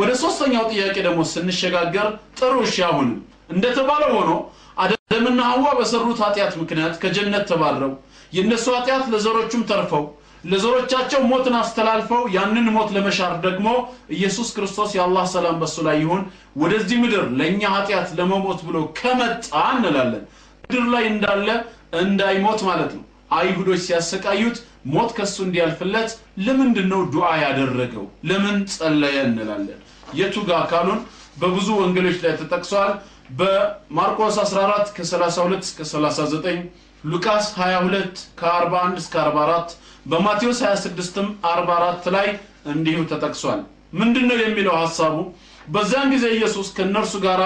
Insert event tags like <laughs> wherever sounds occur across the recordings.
ወደ ሶስተኛው ጥያቄ ደግሞ ስንሸጋገር ጥሩ እሺ አሁን እንደተባለ ሆኖ አደምና ሐዋ በሰሩት ኃጢአት ምክንያት ከጀነት ተባረው የእነሱ ኃጢአት ለዘሮቹም ተርፈው ለዘሮቻቸው ሞትን አስተላልፈው ያንን ሞት ለመሻር ደግሞ ኢየሱስ ክርስቶስ የአላህ ሰላም በሱ ላይ ይሁን ወደዚህ ምድር ለእኛ ኃጢአት ለመሞት ብሎ ከመጣ እንላለን ምድር ላይ እንዳለ እንዳይሞት ማለት ነው አይሁዶች ሲያሰቃዩት ሞት ከሱ እንዲያልፍለት ለምንድን ነው ዱዓ ያደረገው? ለምን ጸለየ እንላለን። የቱ ጋር ካሉን በብዙ ወንጌሎች ላይ ተጠቅሷል። በማርቆስ 14 ከ32 እስከ 39፣ ሉቃስ 22 ከ41 እስከ 44፣ በማቴዎስ 26ም 44 ላይ እንዲሁ ተጠቅሷል። ምንድን ነው የሚለው ሐሳቡ? በዚያን ጊዜ ኢየሱስ ከእነርሱ ጋር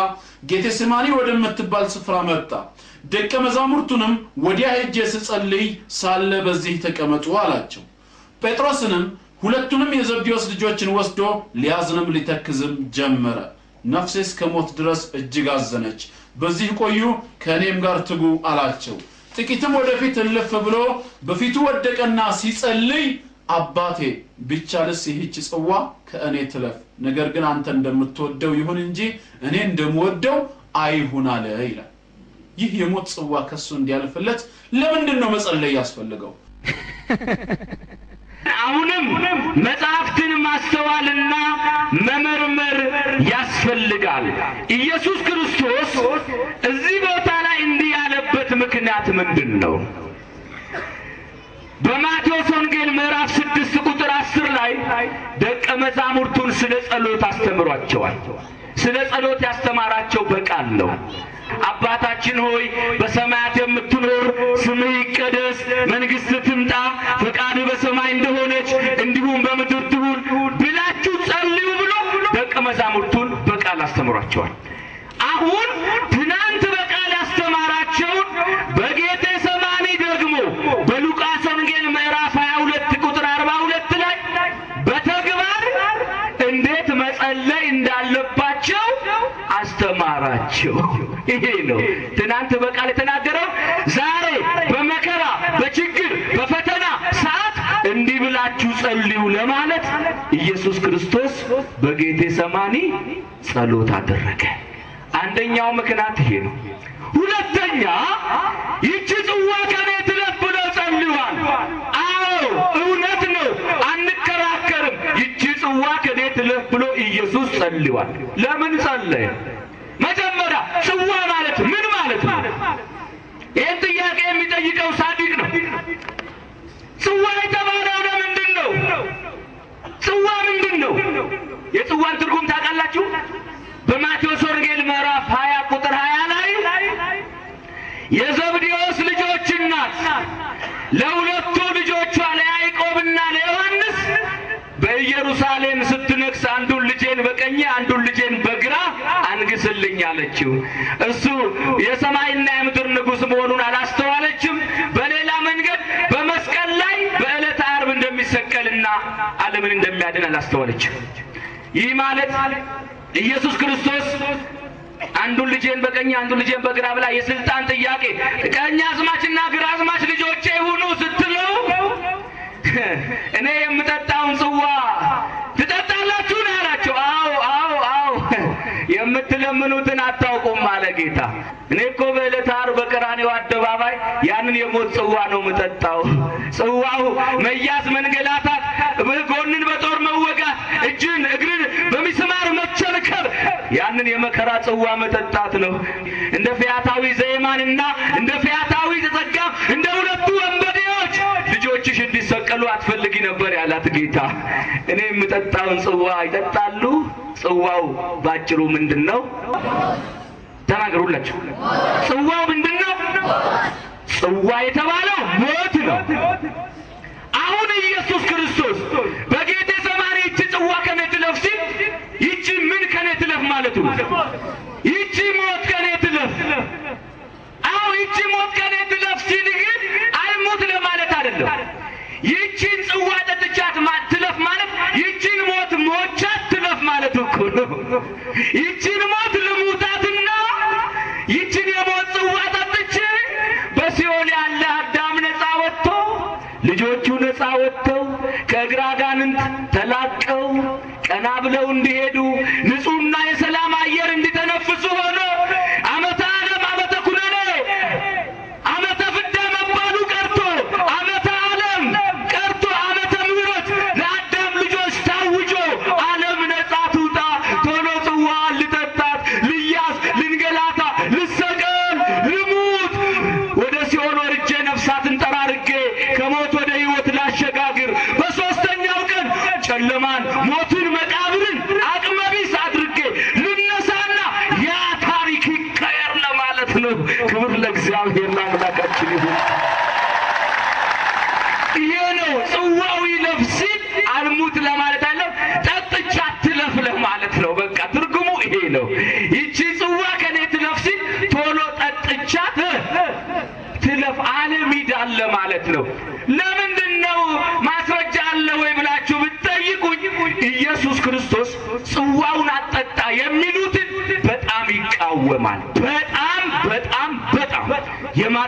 ጌቴሴማኒ ወደምትባል ስፍራ መጣ። ደቀ መዛሙርቱንም ወዲያ ሄጄ ስጸልይ ሳለ በዚህ ተቀመጡ አላቸው። ጴጥሮስንም ሁለቱንም የዘብዴዎስ ልጆችን ወስዶ ሊያዝንም ሊተክዝም ጀመረ። ነፍሴ እስከ ሞት ድረስ እጅግ አዘነች፣ በዚህ ቆዩ፣ ከእኔም ጋር ትጉ አላቸው። ጥቂትም ወደፊት እልፍ ብሎ በፊቱ ወደቀና ሲጸልይ አባቴ ቢቻልስ ይህች ጽዋ ከእኔ ትለፍ፣ ነገር ግን አንተ እንደምትወደው ይሁን እንጂ እኔ እንደምወደው አይሁን አለ ይላል። ይህ የሞት ጽዋ ከሱ እንዲያልፍለት ለምንድን ነው መጸለይ ያስፈልገው? አሁንም መጽሐፍትን ማስተዋልና መመርመር ያስፈልጋል። ኢየሱስ ክርስቶስ እዚህ ቦታ ላይ እንዲህ ያለበት ምክንያት ምንድን ነው? በማቴዎስ ወንጌል ምዕራፍ ስድስት ቁጥር አስር ላይ ደቀ መዛሙርቱን ስለ ጸሎት አስተምሯቸዋል። ስለ ጸሎት ያስተማራቸው በቃል ነው። አባታችን ሆይ በሰማያት የምትኖር ስምህ ይቀደስ፣ መንግስት ትምጣ፣ ፈቃድ በሰማይ እንደሆነች እንዲሁም በምድር ትሁን ብላችሁ ጸልዩ ብሎ ደቀ መዛሙርቱን በቃል አስተምሯቸዋል። አሁን ትና ይሄ ነው። ትናንት በቃል የተናገረው ዛሬ በመከራ በችግር በፈተና ሰዓት እንዲህ ብላችሁ ጸልዩ ለማለት ኢየሱስ ክርስቶስ በጌቴ ሰማኒ ጸሎት አደረገ። አንደኛው ምክንያት ይሄ ነው። ሁለተኛ ይቺ ጽዋ ከኔ ትለፍ ብሎ ጸልዋል። አዎ እውነት ነው፣ አንከራከርም። ይቺ ጽዋ ከኔ ትለፍ ብሎ ኢየሱስ ጸልዋል። ለምን ጸለየ? ለሁለቱ ልጆቿ ለያዕቆብና ለዮሐንስ በኢየሩሳሌም ስትነግስ አንዱን ልጄን በቀኝ አንዱን ልጄን በግራ አንግስልኝ አለችው። እሱ የሰማይና የምድር ንጉሥ መሆኑን አላስተዋለችም። በሌላ መንገድ በመስቀል ላይ በዕለተ ዓርብ እንደሚሰቀልና ዓለምን እንደሚያድን አላስተዋለችም። ይህ ማለት ኢየሱስ ክርስቶስ አንዱን ልጄን በቀኝ አንዱን ልጄን በግራ ብላ የስልጣን ጥያቄ ቀኝ አዝማችና ግራ አዝማች ልጆቼ ሁኑ ስትሉ እኔ የምጠጣውን ጽዋ ትጠጣላችሁ ነው ያላቸው። አዎ አዎ አዎ የምትለምኑትን አታውቁም አለ ጌታ። እኔ እኮ በዕለተ ዓርብ በቀራኔው አደባባይ ያንን የሞት ጽዋ ነው የምጠጣው። ጽዋው መያዝ፣ መንገላታት፣ ጎንን በጦር መወጋት፣ እጅን እግርን ያንን የመከራ ጽዋ መጠጣት ነው። እንደ ፈያታዊ ዘይማንና እንደ ፈያታዊ ተጠጋ እንደ ሁለቱ ወንበዴዎች ልጆችሽ እንዲሰቀሉ አትፈልጊ ነበር ያላት ጌታ። እኔ የምጠጣውን ጽዋ ይጠጣሉ። ጽዋው ባጭሩ ምንድን ነው? ተናገሩላችሁ። ጽዋው ምንድን ነው? ጽዋ የተባለው ሞት ነው። አሁን ኢየሱስ ክርስቶስ በጌቴ ሰማኒ እች ጽዋ ማለት ነው። ይቺ ሞት ከኔ ትለፍ፣ አዎ ይቺ ሞት ከኔ ትለፍ ሲል ግን አይሞት ለማለት አይደለም። ይቺን ጽዋ ጠጥቻት ትለፍ ማለት ይቺን ሞት ሞቻት ትለፍ ማለት እኮ ነው። ይቺን ሞት ልሙታትና ይቺን የሞት ጽዋ ጠጥቼ በሲኦል ያለ አዳም ነፃ ወጥቶ ልጆቹ ነፃ ወጥተው ከእግራ አጋንንት ተላቀው ቀና ብለው እንዲሄዱ ንጹህና የሰላም አየር እንዲተነፍሱ ሆነ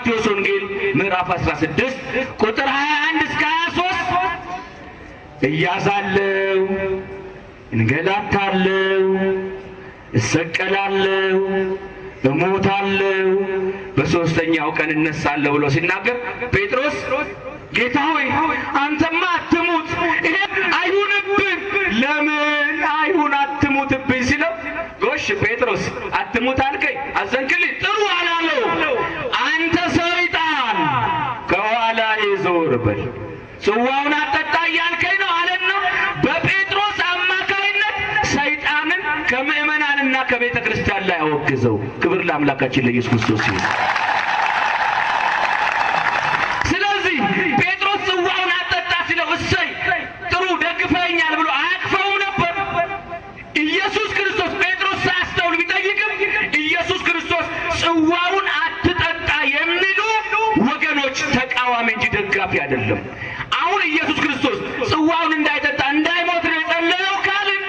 ማቴዎስ ወንጌል ምዕራፍ 16 ቁጥር 21 እስከ 23 እያዛለው፣ እንገላታለው፣ እሰቀላለው፣ እሞታለው፣ በሶስተኛው ቀን እነሳለሁ ብሎ ሲናገር ጴጥሮስ ጌታ ሆይ አንተማ አትሙት፣ ይሄ አይሁንብህ። ለምን አይሁን አትሙትብኝ ሲለው፣ ጎሽ ጴጥሮስ አትሙት አልከኝ፣ አዘንክልኝ፣ ጥሩ አላለው። አትዘውርበት። ጽዋውን አጠጣ እያልከኝ ነው አለን ነው። በጴጥሮስ አማካይነት ሰይጣንን ከምእመናንና ከቤተ ክርስቲያን ላይ አወግዘው። ክብር ለአምላካችን ለኢየሱስ ክርስቶስ ይሁን። ጸሐፊ አይደለም። አሁን ኢየሱስ ክርስቶስ ጽዋውን እንዳይጠጣ እንዳይሞት ነው የጸለየው ካልን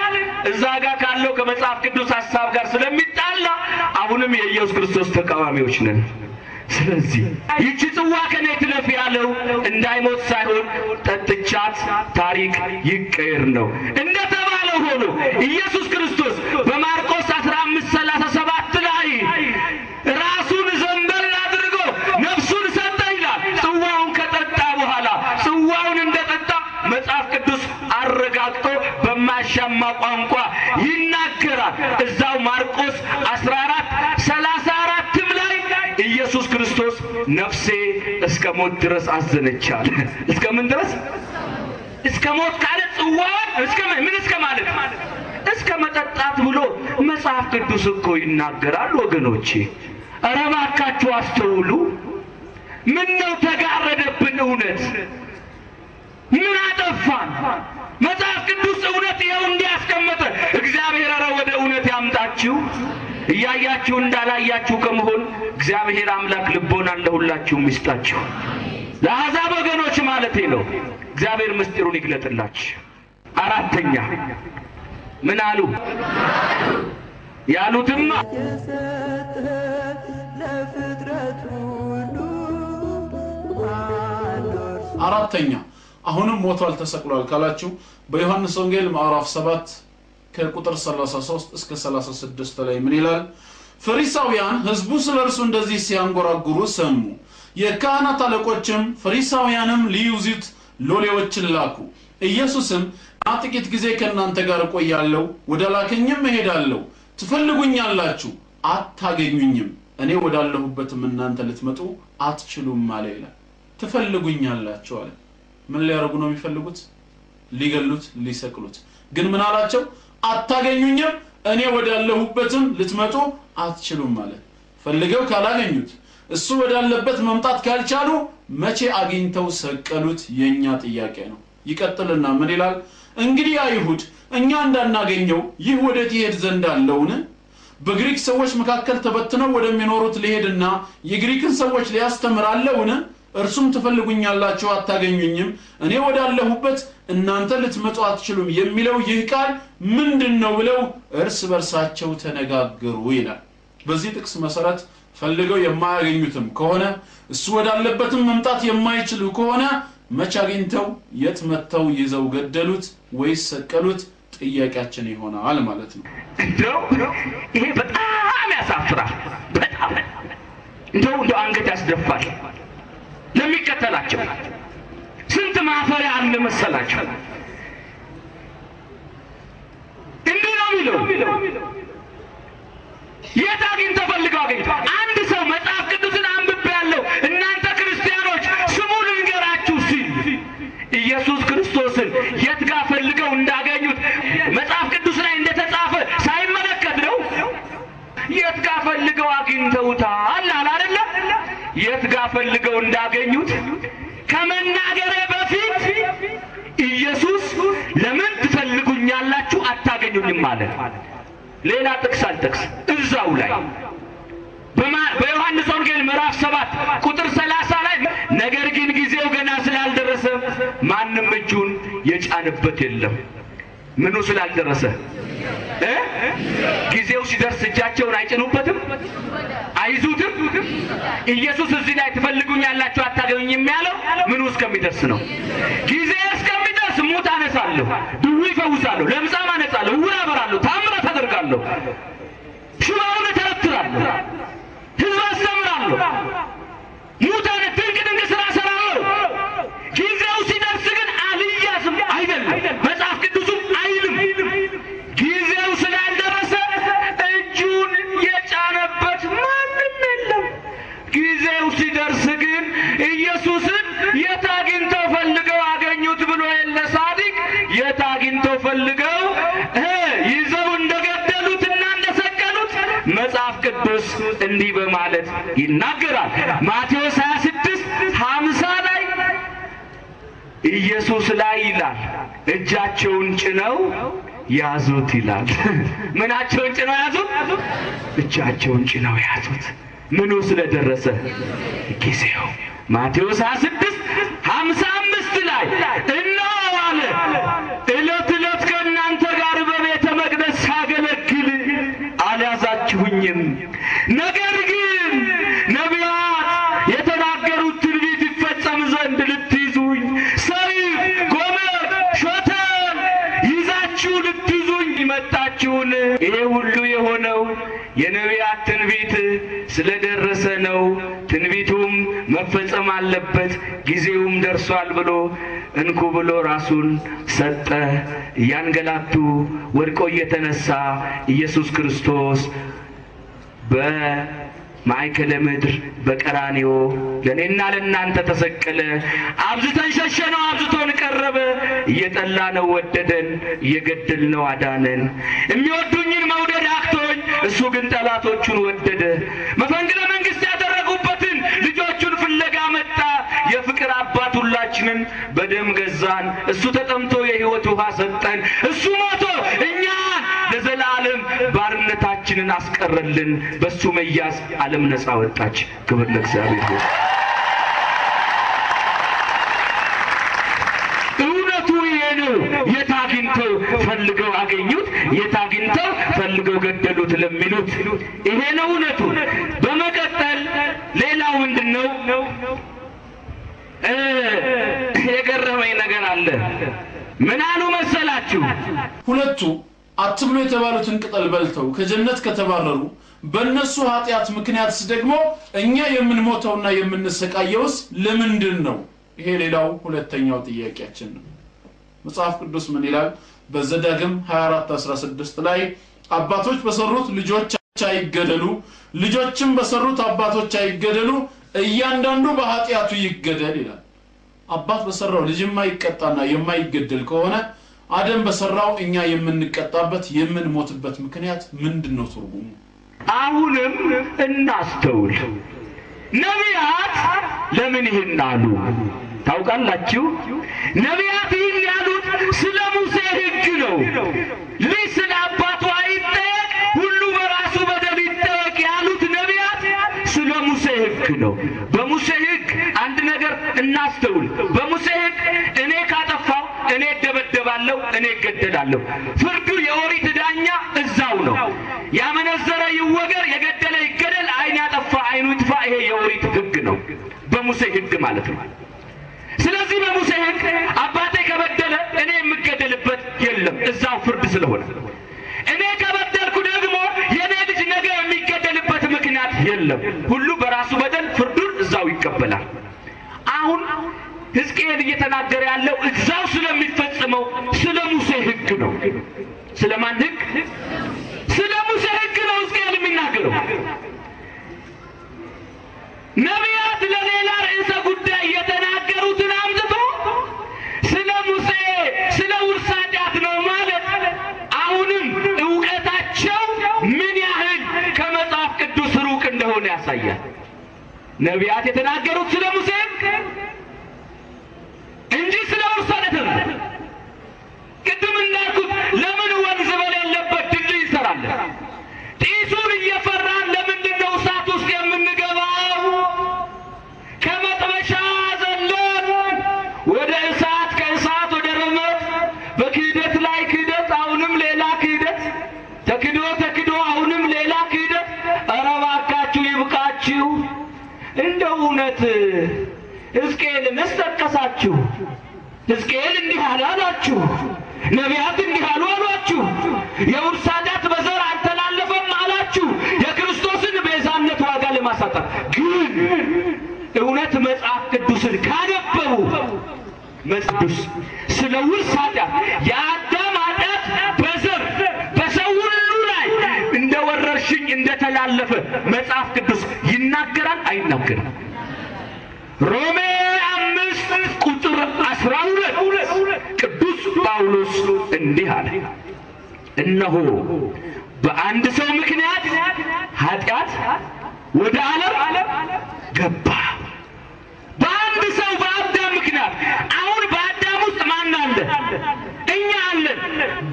እዛ ጋር ካለው ከመጽሐፍ ቅዱስ ሐሳብ ጋር ስለሚጣላ አሁንም የኢየሱስ ክርስቶስ ተቃዋሚዎች ነን። ስለዚህ ይቺ ጽዋ ከኔ ትለፍ ያለው እንዳይሞት ሳይሆን ጠጥቻት ታሪክ ይቀየር ነው እንደተባለው ሆኖ ኢየሱስ ክርስቶስ በማርቆስ በማያሻማ ቋንቋ ይናገራል። እዛው ማርቆስ 14 34ም ላይ ኢየሱስ ክርስቶስ ነፍሴ እስከ ሞት ድረስ አዘነቻል። እስከ ምን ድረስ? እስከ ሞት ካለ ጽዋን እስከ ምን እስከ ማለት እስከ መጠጣት ብሎ መጽሐፍ ቅዱስ እኮ ይናገራል ወገኖቼ። ኧረ እባካችሁ አስተውሉ። ምን ነው ተጋረደብን እውነት ምን አጠፋን? መጽሐፍ ቅዱስ እውነት ይኸው እንዲያስቀመጠ እግዚአብሔር ኧረ ወደ እውነት ያምጣችሁ። እያያችሁ እንዳላያችሁ ከመሆን እግዚአብሔር አምላክ ልቦና ለሁላችሁም ይስጣችሁ። ለአሕዛብ ወገኖች ማለት ነው። እግዚአብሔር ምስጢሩን ይግለጥላችሁ። አራተኛ ምን አሉ ያሉትማ አራተኛ አሁንም ሞቷል ተሰቅሏል ካላችሁ በዮሐንስ ወንጌል ምዕራፍ 7 ከቁጥር 33 እስከ 36 ላይ ምን ይላል? ፈሪሳውያን ህዝቡ ስለ እርሱ እንደዚህ ሲያንጎራጉሩ ሰሙ። የካህናት አለቆችም ፈሪሳውያንም ሊይዙት ሎሌዎችን ላኩ። ኢየሱስም ጥቂት ጊዜ ከእናንተ ጋር እቆያለሁ፣ ወደ ላከኝም እሄዳለሁ። ትፈልጉኛላችሁ፣ አታገኙኝም፣ እኔ ወዳለሁበትም እናንተ ልትመጡ አትችሉም አለ ይላል። ትፈልጉኛላችሁ አለ። ምን ሊያደርጉ ነው የሚፈልጉት? ሊገሉት፣ ሊሰቅሉት። ግን ምን አላቸው? አታገኙኝም፣ እኔ ወዳለሁበትም ልትመጡ አትችሉም ማለት ፈልገው ካላገኙት እሱ ወዳለበት መምጣት ካልቻሉ መቼ አግኝተው ሰቀሉት? የኛ ጥያቄ ነው። ይቀጥልና ምን ይላል? እንግዲህ አይሁድ እኛ እንዳናገኘው ይህ ወዴት ይሄድ ዘንድ አለውን? በግሪክ ሰዎች መካከል ተበትነው ወደሚኖሩት ሊሄድና የግሪክን ሰዎች ሊያስተምር አለውን? እርሱም ትፈልጉኛላችሁ አታገኙኝም፣ እኔ ወዳለሁበት እናንተ ልትመጡ አትችሉም የሚለው ይህ ቃል ምንድን ነው ብለው እርስ በርሳቸው ተነጋገሩ ይላል። በዚህ ጥቅስ መሰረት ፈልገው የማያገኙትም ከሆነ እሱ ወዳለበትም መምጣት የማይችሉ ከሆነ መቼ አግኝተው የት መጥተው ይዘው ገደሉት ወይስ ሰቀሉት? ጥያቄያችን ይሆናል ማለት ነው። ይሄ በጣም ያሳፍራል። በጣም እንደው እንደው አንገት ያስደፋል። ለሚከተላቸው ስንት ማፈሪያ አለ መሰላቸው። እንዲህ ነው የሚለው የት አግኝ ተፈልገው አገኝቶ አንድ ሰው መጽሐፍ ቅዱስን አንብቤ ያለው እናንተ ክርስቲያኖች ስሙ ልንገራችሁ ሲል ኢየሱስ ክርስቶስን የት ጋር ፈልገው እንዳገኙት መጽሐፍ ቅዱስ ላይ እንደተጻፈ ሳይመለከት ነው የት ጋር ፈልገው አግኝተውታል የት ጋር ፈልገው እንዳገኙት ከመናገሬ በፊት ኢየሱስ ለምን ትፈልጉኛላችሁ አታገኙኝም አለ። ሌላ ጥቅስ አልጠቅስ እዛው ላይ በዮሐንስ ወንጌል ምዕራፍ ሰባት ቁጥር ሰላሳ ላይ ነገር ግን ጊዜው ገና ስላልደረሰ ማንም እጁን የጫንበት የለም ምኑ ስላልደረሰ ጊዜው ሲደርስ እጃቸውን አይጭኑበትም፣ አይዙትም። ኢየሱስ እዚህ ላይ ትፈልጉኛላችሁ አታገኙኝም ያለው ምኑ እስከሚደርስ ነው። ጊዜ እስከሚደርስ ሙት አነሳለሁ፣ ድውይ ይፈውሳለሁ፣ ለምጻም አነጻለሁ፣ እውር አበራለሁ፣ ታምራት አደርጋለሁ፣ ሽባውን እተረትራለሁ፣ ህዝብ አስተምራለሁ፣ አነ ድንቅ ድንቅ ስራ እሰራለሁ። ጊዜው ሲደርስ ግን አልያዝም አይደለም የጫነበት ማንም የለም። ጊዜው ሲደርስ ግን ኢየሱስን የት አግኝተው ፈልገው አገኙት ብሎ የለ ሳዲቅ የት አግኝተው ፈልገው ይዘው እንደገደሉት እና እንደሰቀሉት መጽሐፍ ቅዱስ እንዲህ በማለት ይናገራል። ማቴዎስ 26 50 ላይ ኢየሱስ ላይ ይላል እጃቸውን ጭነው ያዙት ይላል። <laughs> ምናቸውን ጭነው ያዙት? እጃቸውን ጭነው ያዙት። ምኑ ስለደረሰ ጊዜው ማቴዎስ 26 ይሄ ሁሉ የሆነው የነቢያት ትንቢት ስለደረሰ ነው። ትንቢቱም መፈጸም አለበት፣ ጊዜውም ደርሷል ብሎ እንኩ ብሎ ራሱን ሰጠ። እያንገላቱ ወድቆ እየተነሳ ኢየሱስ ክርስቶስ በ ማዕከለ ምድር በቀራኒዮ ለእኔና ለእናንተ ተሰቀለ። አብዝተን ሸሸነው፣ አብዝቶን ቀረበ። እየጠላነው ወደደን፣ እየገደልነው አዳነን። የሚወዱኝን መውደድ አክቶኝ እሱ ግን ጠላቶቹን ወደደ። መፈንግለ መንግሥት ያደረጉበትን ልጆቹን ፍለጋ መጣ። የፍቅር አባት ሁላችንን በደም ገዛን። እሱ ተጠምቶ የሕይወት ውሃ ሰጠን። እሱ ሞቶ ራሳችንን አስቀረልን። በሱ መያዝ ዓለም ነፃ ወጣች። ክብር ለእግዚአብሔር። እውነቱ ይሄ ነው። የት አግኝተው ፈልገው አገኙት፣ የት አግኝተው ፈልገው ገደሉት ለሚሉት ይሄ ነው እውነቱ። በመቀጠል ሌላው ምንድን ነው? የገረመኝ ነገር አለ። ምን አሉ መሰላችሁ ሁለቱ አትብሎ የተባሉትን ቅጠል በልተው ከጀነት ከተባረሩ በእነሱ ኃጢአት ምክንያትስ ደግሞ እኛ የምንሞተውና የምንሰቃየውስ ለምንድን ነው? ይሄ ሌላው ሁለተኛው ጥያቄያችን ነው። መጽሐፍ ቅዱስ ምን ይላል? በዘዳግም 24:16 ላይ አባቶች በሰሩት ልጆች አይገደሉ፣ ልጆችም በሰሩት አባቶች አይገደሉ፣ እያንዳንዱ በኃጢአቱ ይገደል ይላል። አባት በሰራው ልጅ የማይቀጣና የማይገደል ከሆነ አደም በሰራው እኛ የምንቀጣበት የምንሞትበት ምክንያት ምንድን ነው ትርጉሙ? አሁንም እናስተውል። ነቢያት ለምን ይህን አሉ ታውቃላችሁ? ነቢያት ይህን ያሉት ስለ ሙሴ ሕግ ነው። ልጅ ስለ አባቱ አይጠየቅ፣ ሁሉ በራሱ በደል ይጠየቅ ያሉት ነቢያት ስለ ሙሴ ሕግ ነው። በሙሴ ሕግ አንድ ነገር እናስተውል። በሙሴ ሕግ እኔ እደበደባለሁ፣ እኔ እገደላለሁ። ፍርዱ የኦሪት ዳኛ እዛው ነው። ያመነዘረ ይወገር፣ የገደለ ይገደል፣ አይን ያጠፋ አይኑ ይጥፋ። ይሄ የኦሪት ህግ ነው፣ በሙሴ ህግ ማለት ነው። ስለዚህ በሙሴ ህግ አባቴ ከበደለ እኔ የምገደልበት የለም፣ እዛው ፍርድ ስለሆነ እኔ ከበደልኩ ደግሞ የእኔ ልጅ ነገ የሚገደልበት ምክንያት የለም። ሁሉ በራሱ በደል ፍርዱን እዛው ይቀበላል። አሁን ሕዝቅኤል እየተናገረ ያለው እዛው ስለሚፈጽመው ስለ ሙሴ ሕግ ነው። ስለ ማን ሕግ? ስለ ሙሴ ሕግ ነው ሕዝቅኤል የሚናገረው። ነቢያት ለሌላ ርዕሰ ጉዳይ እየተናገሩትን አምጥቶ ስለ ሙሴ ስለ ውርሳዳት ነው ማለት አሁንም እውቀታቸው ምን ያህል ከመጽሐፍ ቅዱስ ሩቅ እንደሆነ ያሳያል። ነቢያት የተናገሩት ስለ ሙሴ እንጂ ስለ እርሱ አይደለም። ቅድም እንዳልኩት ለምን ወንዝ በሌለበት ድልድይ ይሰራል? ሕዝቅኤል እንዲህ አለ አሏችሁ፣ ነቢያት እንዲህ አሉ አሏችሁ። የውርስ ኃጢአት በዘር አልተላለፈም አላችሁ፣ የክርስቶስን ቤዛነት ዋጋ ለማሳጣት ግን እውነት መጽሐፍ ቅዱስን ካነበቡ መጽሐፍ ቅዱስ ስለ ውርስ ኃጢአት የአዳም ኃጢአት በዘር በሰው ሁሉ ላይ እንደ ወረርሽኝ እንደተላለፈ ነው። በአንድ ሰው ምክንያት ኃጢአት ወደ ዓለም ገባ። በአንድ ሰው በአዳም ምክንያት። አሁን በአዳም ውስጥ ማን አለ? እኛ አለን።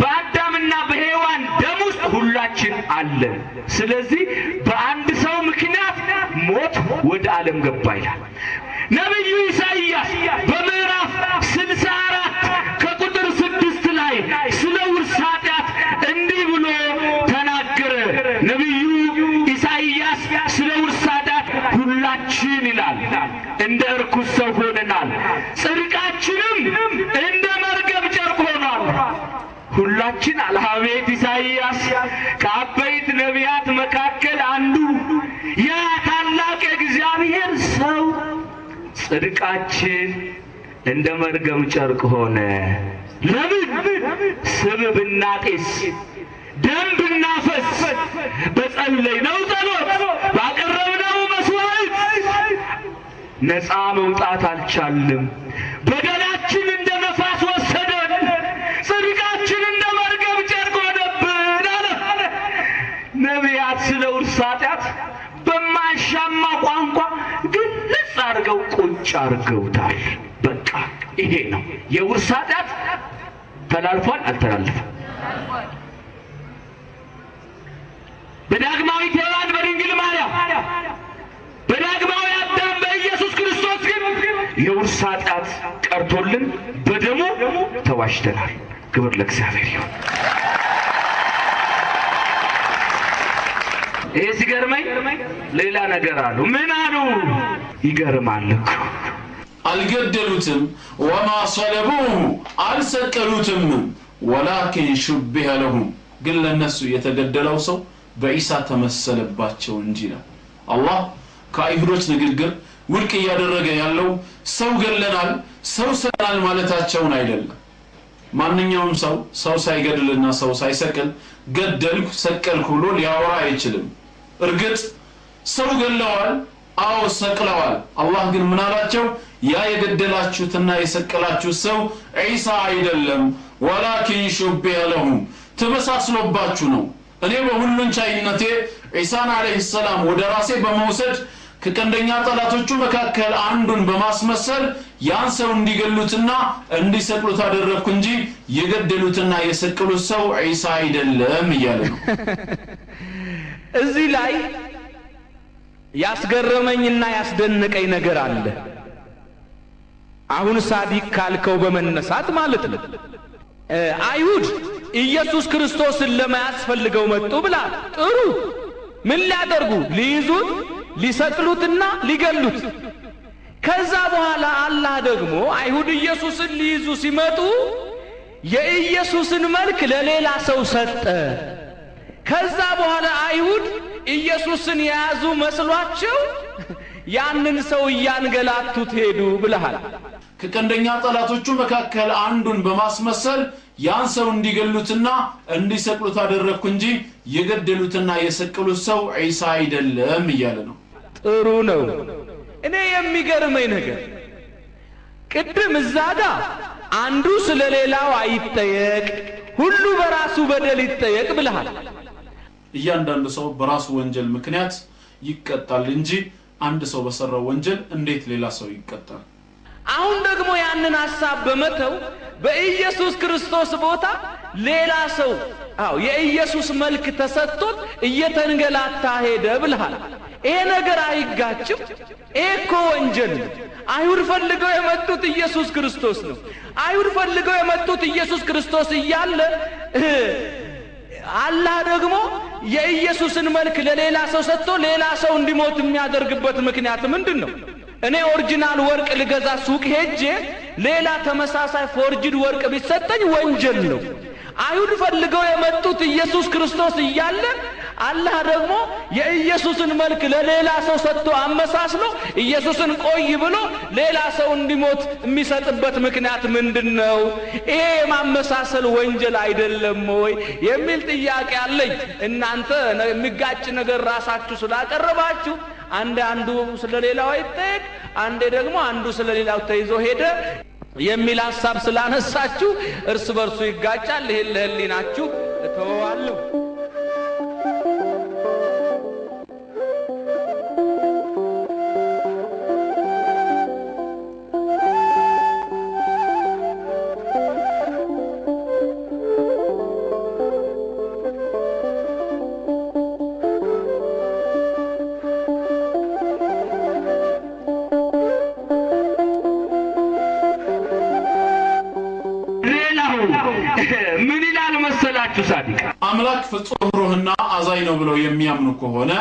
በአዳምና በሔዋን ደም ውስጥ ሁላችን አለን። ስለዚህ በአንድ ሰው ምክንያት ሞት ወደ ዓለም ገባ ይላል። ርኩስ ሰው ሆነናል። ጽድቃችንም እንደ መርገም ጨርቅ ሆኗል። ሁላችን አልሃቤት ኢሳይያስ ከአበይት ነቢያት መካከል አንዱ ያ ታላቅ የእግዚአብሔር ሰው ጽድቃችን እንደ መርገም ጨርቅ ሆነ። ለምን ስም ብናጤስ ደም ብናፈስ በጸለይነው ጸሎት ባቀረብነው ነፃ መውጣት አልቻልም። በደላችን እንደ ነፋስ ወሰደን፣ ጽድቃችን እንደ መርገብ ጨርቅ ሆነብን አለ። ነቢያት ስለ ውርስ ኃጢአት በማያሻማ ቋንቋ ግልጽ አድርገው ቁጭ አድርገውታል። በቃ ይሄ ነው የውርስ ኃጢአት። ተላልፏል አልተላልፈም? በዳግማዊት ሔዋን በድንግል ማርያም የውርስ ኃጢአት ቀርቶልን በደሙ ተዋሽተናል። ክብር ለእግዚአብሔር ይሁን። ይህ ሲገርመኝ ሌላ ነገር አሉ። ምን አሉ? ይገርማል እኮ አልገደሉትም፣ ወማ ሰለቡሁ አልሰቀሉትም፣ ወላኪን ሹቢሀ ለሁም ግን ለእነሱ የተገደለው ሰው በኢሳ ተመሰለባቸው እንጂ ነው። አላህ ከአይሁዶች ንግግር ውድቅ እያደረገ ያለው ሰው ገለናል ሰው ሰናል ማለታቸውን አይደለም ማንኛውም ሰው ሰው ሳይገድልና ሰው ሳይሰቅል ገደልኩ ሰቀልኩ ብሎ ሊያወራ አይችልም እርግጥ ሰው ገለዋል አዎ ሰቅለዋል አላህ ግን ምን አላቸው ያ የገደላችሁትና የሰቀላችሁ ሰው ዒሳ አይደለም ወላኪን ሹቢያ ለሁ ተመሳስሎባችሁ ነው እኔ በሁሉን ቻይነቴ ዒሳን አለህ ሰላም ወደ ራሴ በመውሰድ ከቀንደኛ ጠላቶቹ መካከል አንዱን በማስመሰል ያን ሰው እንዲገሉትና እንዲሰቅሉት አደረግኩ እንጂ የገደሉትና የሰቅሉት ሰው ዒሳ አይደለም እያለ ነው። <laughs> እዚህ ላይ ያስገረመኝና ያስደነቀኝ ነገር አለ። አሁን ሳዲቅ ካልከው በመነሳት ማለት ነው። አይሁድ ኢየሱስ ክርስቶስን ለማያስፈልገው መጡ ብላ ጥሩ ምን ሊያደርጉ ሊይዙት ሊሰቅሉትና ሊገሉት። ከዛ በኋላ አላህ ደግሞ አይሁድ ኢየሱስን ሊይዙ ሲመጡ የኢየሱስን መልክ ለሌላ ሰው ሰጠ። ከዛ በኋላ አይሁድ ኢየሱስን የያዙ መስሏቸው ያንን ሰው እያንገላቱት ሄዱ ብለሃል። ከቀንደኛ ጠላቶቹ መካከል አንዱን በማስመሰል ያን ሰው እንዲገሉትና እንዲሰቅሉት አደረግኩ እንጂ የገደሉትና የሰቅሉት ሰው ዒሳ አይደለም እያለ ነው። ጥሩ ነው። እኔ የሚገርመኝ ነገር ቅድም እዛጋ አንዱ ስለ ሌላው አይጠየቅ፣ ሁሉ በራሱ በደል ይጠየቅ ብለሃል። እያንዳንዱ ሰው በራሱ ወንጀል ምክንያት ይቀጣል እንጂ አንድ ሰው በሰራው ወንጀል እንዴት ሌላ ሰው ይቀጣል? አሁን ደግሞ ያንን ሐሳብ በመተው በኢየሱስ ክርስቶስ ቦታ ሌላ ሰው አዎ የኢየሱስ መልክ ተሰጥቶት እየተንገላታ ሄደ ብልሃል። ይሄ ነገር አይጋጭም። ይሄ እኮ ወንጀል ነው። አይሁድ ፈልገው የመጡት ኢየሱስ ክርስቶስ ነው። አይሁድ ፈልገው የመጡት ኢየሱስ ክርስቶስ እያለ አላህ ደግሞ የኢየሱስን መልክ ለሌላ ሰው ሰጥቶ ሌላ ሰው እንዲሞት የሚያደርግበት ምክንያት ምንድን ነው? እኔ ኦሪጂናል ወርቅ ልገዛ ሱቅ ሄጄ ሌላ ተመሳሳይ ፎርጅድ ወርቅ ቢሰጠኝ ወንጀል ነው። አይሁድ ፈልገው የመጡት ኢየሱስ ክርስቶስ እያለ አላህ ደግሞ የኢየሱስን መልክ ለሌላ ሰው ሰጥቶ አመሳስሎ ኢየሱስን ቆይ ብሎ ሌላ ሰው እንዲሞት የሚሰጥበት ምክንያት ምንድን ነው? ይሄ የማመሳሰል ወንጀል አይደለም ወይ የሚል ጥያቄ አለኝ። እናንተ የሚጋጭ ነገር ራሳችሁ ስላቀረባችሁ አንድ አንዱ ስለ ሌላው አይጠየቅ፣ አንዴ ደግሞ አንዱ ስለ ሌላው ተይዞ ሄደ የሚል ሀሳብ ስላነሳችሁ እርስ በርሱ ይጋጫል። ይህን ለህሊናችሁ እተወዋለሁ። ሳዲቅ አምላክ ፍጹም ሩህና አዛኝ ነው ብለው የሚያምኑ ከሆነ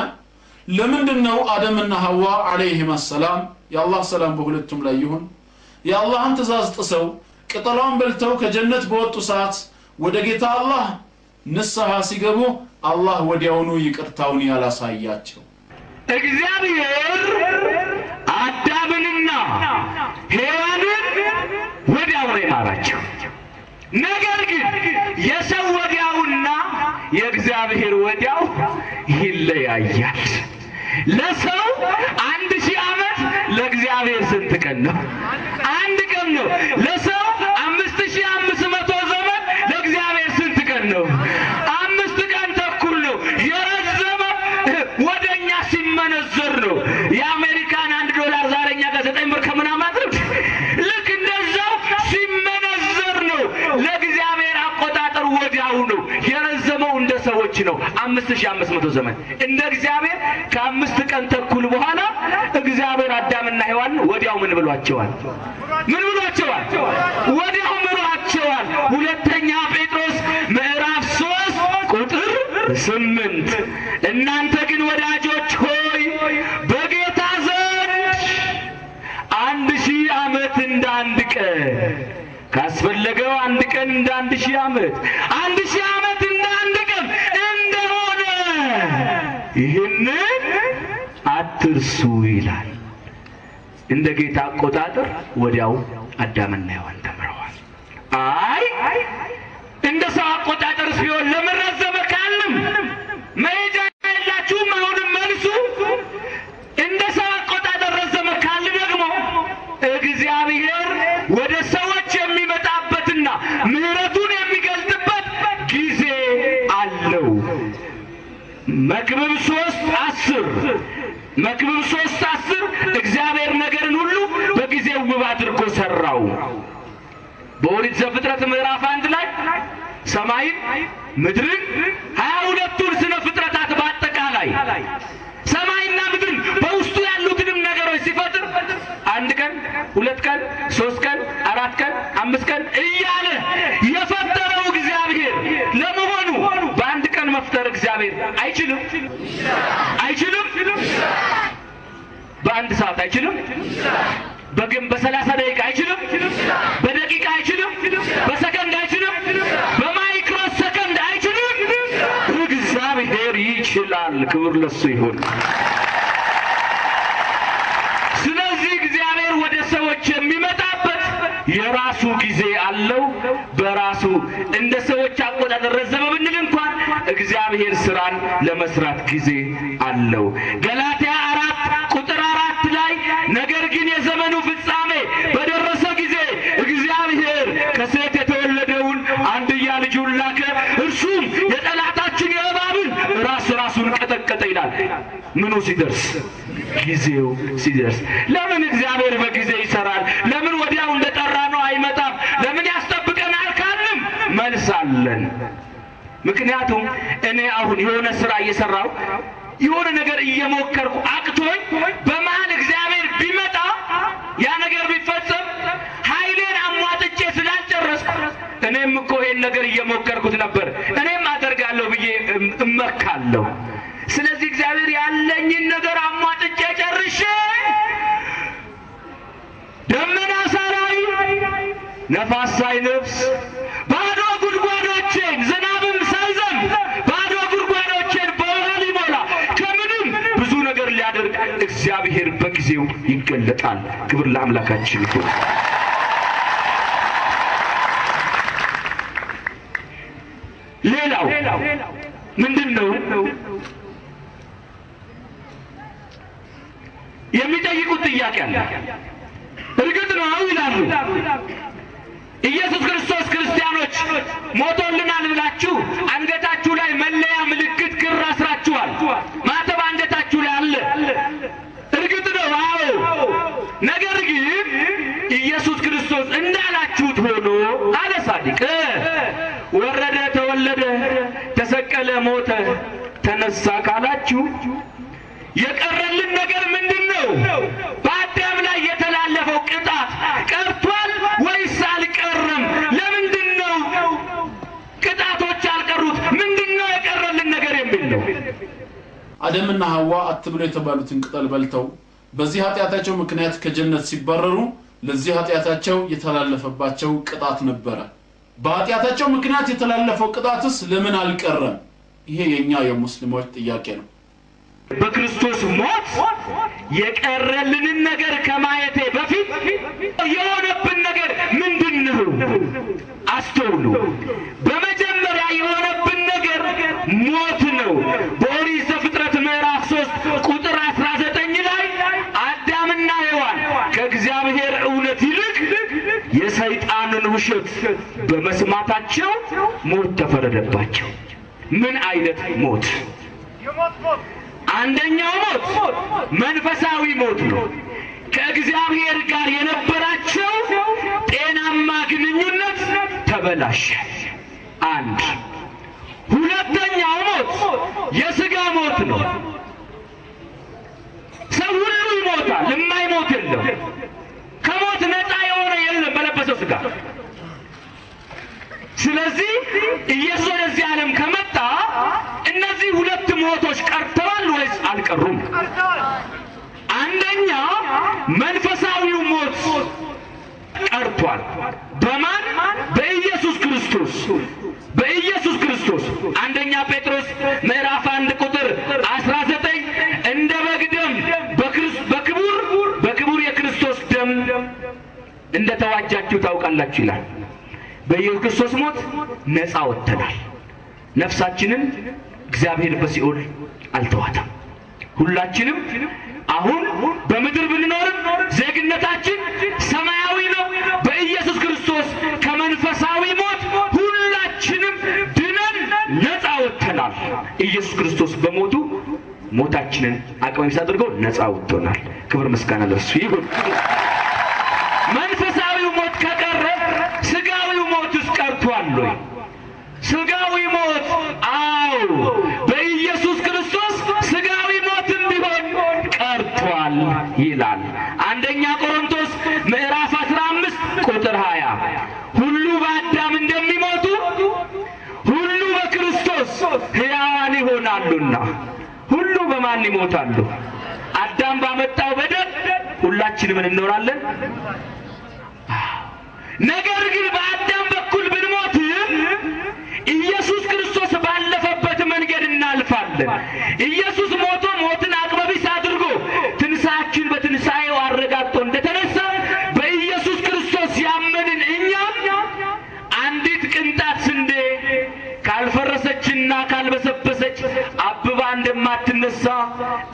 ለምንድን ነው አደምና ሐዋ አለይህም አሰላም የአላህ ሰላም በሁለቱም ላይ ይሁን የአላህን ትእዛዝ ጥሰው ቅጠሏን በልተው ከጀነት በወጡ ሰዓት ወደ ጌታ አላህ ንስሐ ሲገቡ አላህ ወዲያውኑ ይቅርታውን ያላሳያቸው እግዚአብሔር አዳምንና ሔዋንን ወዲያው ማራቸው ነገር ግን የሰው ወዲያውና የእግዚአብሔር ወዲያው ይለያያል። ለሰው አንድ ሺህ ዓመት ለእግዚአብሔር ስንት ቀን ነው? አንድ ቀን ነው። ለሰው አምስት ሺህ አምስት መቶ ዘመን ለእግዚአብሔር ስንት ቀን ነው? አምስት ቀን ተኩል ነው። የረዘመ ወደ እኛ ሲመነዘር ነው። ሰዎች ነው። አምስት ሺህ አምስት መቶ ዘመን እንደ እግዚአብሔር ከአምስት ቀን ተኩል በኋላ እግዚአብሔር አዳምና ሔዋን ወዲያው ምን ብሏቸዋል? ምን ብሏቸዋል? ወዲያው ምሏቸዋል። ሁለተኛ ጴጥሮስ ምዕራፍ ሶስት ቁጥር ስምንት እናንተ ግን ወዳጆች ሆይ በጌታ ዘንድ አንድ ሺህ ዓመት እንደ አንድ ቀን ካስፈለገው አንድ ቀን እንደ አንድ ሺህ ዓመት አንድ ሺህ ዓመት ይህንን አትርሱ ይላል። እንደ ጌታ አቆጣጠር ወዲያው አዳምና ሔዋን ተምረዋል። አይ እንደ ሰው አቆጣጠር ሲሆን ለምን ረዘመ ካልንም መሄጃ የላችሁም። አሁንም መልሱ እንደ ሰው አቆጣጠር ረዘመ ካል ደግሞ እግዚአብሔር ወደ ሰው መክብብ ሶስት አስር መክብብ ሶስት አስር እግዚአብሔር ነገርን ሁሉ በጊዜው ውብ አድርጎ ሰራው። በኦሪት ዘፍጥረት ምዕራፍ አንድ ላይ ሰማይን፣ ምድርን ሀያ ሁለቱን ስነ ፍጥረታት በአጠቃላይ ሰማይና ምድርን በውስጡ ያሉትንም ነገሮች ሲፈጥር አንድ ቀን፣ ሁለት ቀን፣ ሶስት ቀን፣ አራት ቀን፣ አምስት ቀን እያለ መፍጠር እግዚአብሔር አይችልም አይችልም በአንድ ሰዓት አይችልም በግን በሰላሳ ደቂቃ አይችልም በደቂቃ አይችልም በሰከንድ አይችልም በማይክሮ ሰከንድ አይችልም እግዚአብሔር ይችላል ክብር ለሱ ይሁን ስለዚህ እግዚአብሔር ወደ ሰዎች የሚመጣበት የራሱ ጊዜ አለው በራሱ እንደ ሰዎች አቆጣጠር ረዘመ ብንል የእግዚአብሔር ስራን ለመስራት ጊዜ አለው። ገላትያ አራት ቁጥር አራት ላይ ነገር ግን የዘመኑ ፍጻሜ በደረሰ ጊዜ እግዚአብሔር ከሴት የተወለደውን አንድያ ልጁን ላከ፣ እርሱም የጠላታችን የእባብን ራስ ራሱን ቀጠቀጠ ይላል። ምኑ ሲደርስ? ጊዜው ሲደርስ። ለምን እግዚአብሔር በጊዜ ይሰራል? ለምን ወዲያው እንደጠራ ነው አይመጣም? ለምን ያስጠብቀናል ካልንም መልስ አለን። ምክንያቱም እኔ አሁን የሆነ ስራ እየሰራው የሆነ ነገር እየሞከርኩ አቅቶኝ በመሀል እግዚአብሔር ቢመጣ ያ ነገር ቢፈጸም ኃይሌን አሟጥጬ ስላልጨረስኩ እኔም እኮ ይሄን ነገር እየሞከርኩት ነበር፣ እኔም አደርጋለሁ ብዬ እመካለሁ። ስለዚህ እግዚአብሔር ያለኝን ነገር አሟጥጬ ጨርሼ ደመና ሳላይ ነፋስ ነፍስ ሲያደርግ እግዚአብሔር በጊዜው ይገለጣል። ክብር ለአምላካችን ይሁን። የተባሉትን ቅጠል በልተው በዚህ ኃጢአታቸው ምክንያት ከጀነት ሲባረሩ ለዚህ ኃጢአታቸው የተላለፈባቸው ቅጣት ነበረ። በኃጢአታቸው ምክንያት የተላለፈው ቅጣትስ ለምን አልቀረም? ይሄ የኛ የሙስሊሞች ጥያቄ ነው። በክርስቶስ ሞት የቀረልንን ነገር ከማየቴ በፊት የሆነብን ነገር ምንድን ነው? አስተውሉ። በመጀመሪያ የሆነብን ነገር ሞት ነው። በኦሪት የሰይጣንን ውሸት በመስማታቸው ሞት ተፈረደባቸው። ምን አይነት ሞት? አንደኛው ሞት መንፈሳዊ ሞት ነው። ከእግዚአብሔር ጋር የነበራቸው ጤናማ ግንኙነት ተበላሸ። አንድ ሁለተኛው ሞት የስጋ ሞት ነው። ሰው ሁሉ ይሞታል፣ የማይሞት የለም። ከሞት ነፃ የሆነ ስጋ። ስለዚህ ኢየሱስ ወደዚህ ዓለም ከመጣ እነዚህ ሁለት ሞቶች ቀርተዋል ወይስ አልቀሩም? አንደኛ መንፈሳዊው ሞት ቀርቷል። በማን? በኢየሱስ ክርስቶስ በኢየሱስ ክርስቶስ አንደኛ ጴጥሮስ ምዕራፍ እንደ ተዋጃችሁ ታውቃላችሁ ይላል። በኢየሱስ ክርስቶስ ሞት ነፃ ወጥተናል። ነፍሳችንን እግዚአብሔር በሲኦል አልተዋትም ሁላችንም አሁን በምድር ብንኖርም ዜግነታችን ሰማያዊ ነው። በኢየሱስ ክርስቶስ ከመንፈሳዊ ሞት ሁላችንም ድነን ነፃ ወጥተናል። ኢየሱስ ክርስቶስ በሞቱ ሞታችንን አቅመ ቢስ አድርገው ነፃ ወጥቶናል። ክብር ምስጋና ለእርሱ ይሁን። ሞትስ ቀርቷል ወይ? ስጋዊ ሞት? አዎ፣ በኢየሱስ ክርስቶስ ስጋዊ ሞትም ቢሆን ቀርቷል ይላል አንደኛ ቆሮንቶስ ምዕራፍ አስራ አምስት ቁጥር ሀያ ሁሉ በአዳም እንደሚሞቱ ሁሉ በክርስቶስ ሕያዋን ይሆናሉና። ሁሉ በማን ይሞታሉ? አዳም ባመጣው በደል ሁላችንም እንኖራለን። ነገር ግን በአዳም እናውቃለን። ኢየሱስ ሞቶ ሞትን አቅበቢስ አድርጎ ትንሣኤያችን በትንሣኤው አረጋግጦ እንደተነሳ በኢየሱስ ክርስቶስ ያመንን እኛም አንዲት ቅንጣት ስንዴ ካልፈረሰችና ካልበሰበሰች አብባ እንደማትነሳ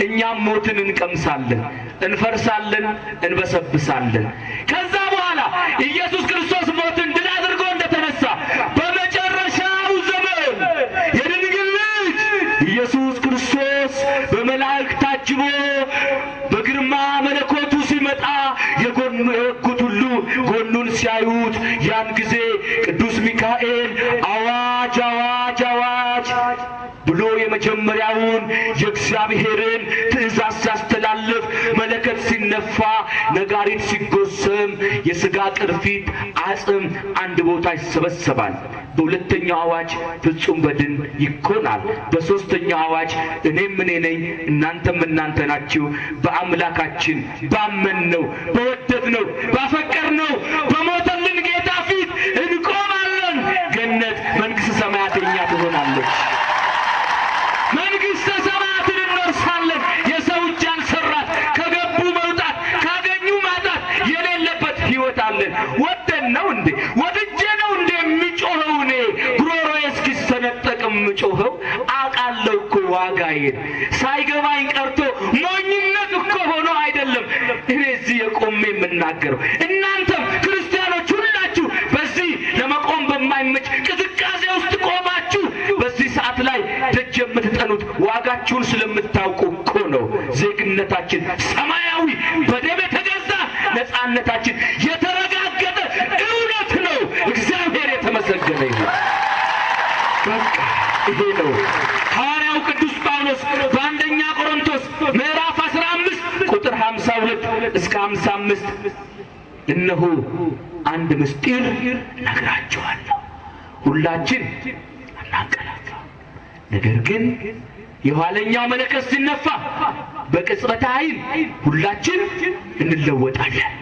እኛም ሞትን እንቀምሳለን፣ እንፈርሳለን፣ እንበሰብሳለን። ከዛ በኋላ ኢየሱስ ክርስቶስ ኢየሱስ ክርስቶስ በመላእክት ታጅቦ በግርማ መለኮቱ ሲመጣ የወጉት ሁሉ ጎኑን ሲያዩት፣ ያን ጊዜ ቅዱስ ሚካኤል አዋጅ አዋጅ አዋጅ ብሎ የመጀመሪያውን የእግዚአብሔርን ትእዛዝ ሲያስተላልፍ መለከት ሲነፋ፣ ነጋሪት ሲጎሰም፣ የሥጋ ቅርፊት አጽም አንድ ቦታ ይሰበሰባል። በሁለተኛው አዋጅ ፍጹም በድን ይኮናል። በሶስተኛው አዋጅ እኔም እኔ ነኝ እናንተም እናንተ ናችሁ በአምላካችን ባመን ነው በወደድነው ባፈቀርነው በሞተልን ጌታ ፊት እንቆማለን። ገነት መንግሥተ ሰማያት የኛ ትሆናለች። መንግሥተ ሰማያትን እንወርሳለን። የሰው እጅ አልሰራት። ከገቡ መውጣት፣ ካገኙ ማጣት የሌለበት ሕይወት አለን። ወደን ነው እንዴ? ወድጄ የምጮኸው አውቃለሁ እኮ ዋጋዬን። ሳይገባኝ ቀርቶ ሞኝነት እኮ ሆኖ አይደለም እኔ እዚህ የቆሜ የምናገረው። እናንተም ክርስቲያኖች ሁላችሁ በዚህ ለመቆም በማይመች ቅዝቃዜ ውስጥ ቆማችሁ በዚህ ሰዓት ላይ ደጅ የምትጠኑት ዋጋችሁን ስለምታውቁ እኮ ነው። ዜግነታችን ሰማያዊ፣ በደም የተገዛ ነጻነታችን እስከ አምሳ አምስት እነሆ አንድ ምስጢር ነግራቸዋለሁ። ሁላችን አናንቀላፋ፣ ነገር ግን የኋለኛው መለከት ሲነፋ በቅጽበት ዓይን ሁላችን እንለወጣለን።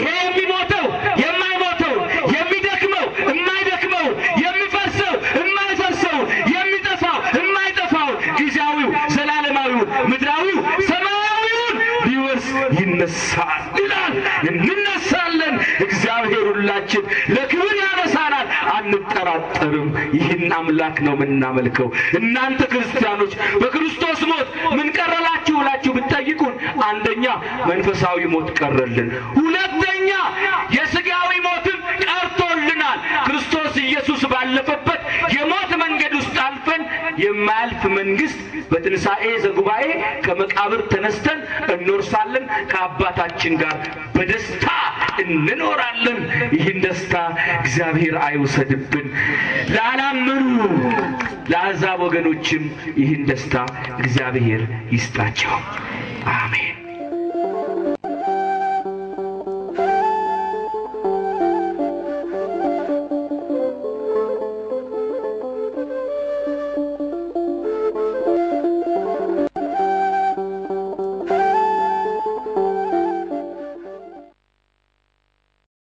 ይሄ የሚሞተው የማይሞተው የሚደክመው የማይደክመው የሚፈርሰው የማይፈርሰው የሚጠፋው የማይጠፋው ጊዜያዊው ዘላለማዊው ምድራዊው እንነሳ ይላል። እንነሳለን። እግዚአብሔር ሁላችን ለክብር ያነሳናል፣ አንጠራጠርም። ይህን አምላክ ነው የምናመልከው። እናንተ ክርስቲያኖች በክርስቶስ ሞት ምን ቀረላችሁ ብላችሁ ብትጠይቁን፣ አንደኛ መንፈሳዊ ሞት ቀረልን፣ ሁለተኛ የስጋዊ ሞትም ቀርቶልናል። ክርስቶስ ኢየሱስ ባለፈበት የሞት የማያልፍ መንግስት በትንሣኤ ዘጉባኤ ከመቃብር ተነስተን እንወርሳለን። ከአባታችን ጋር በደስታ እንኖራለን። ይህን ደስታ እግዚአብሔር አይውሰድብን። ላላመኑ ለአሕዛብ ወገኖችም ይህን ደስታ እግዚአብሔር ይስጣቸው። አሜን።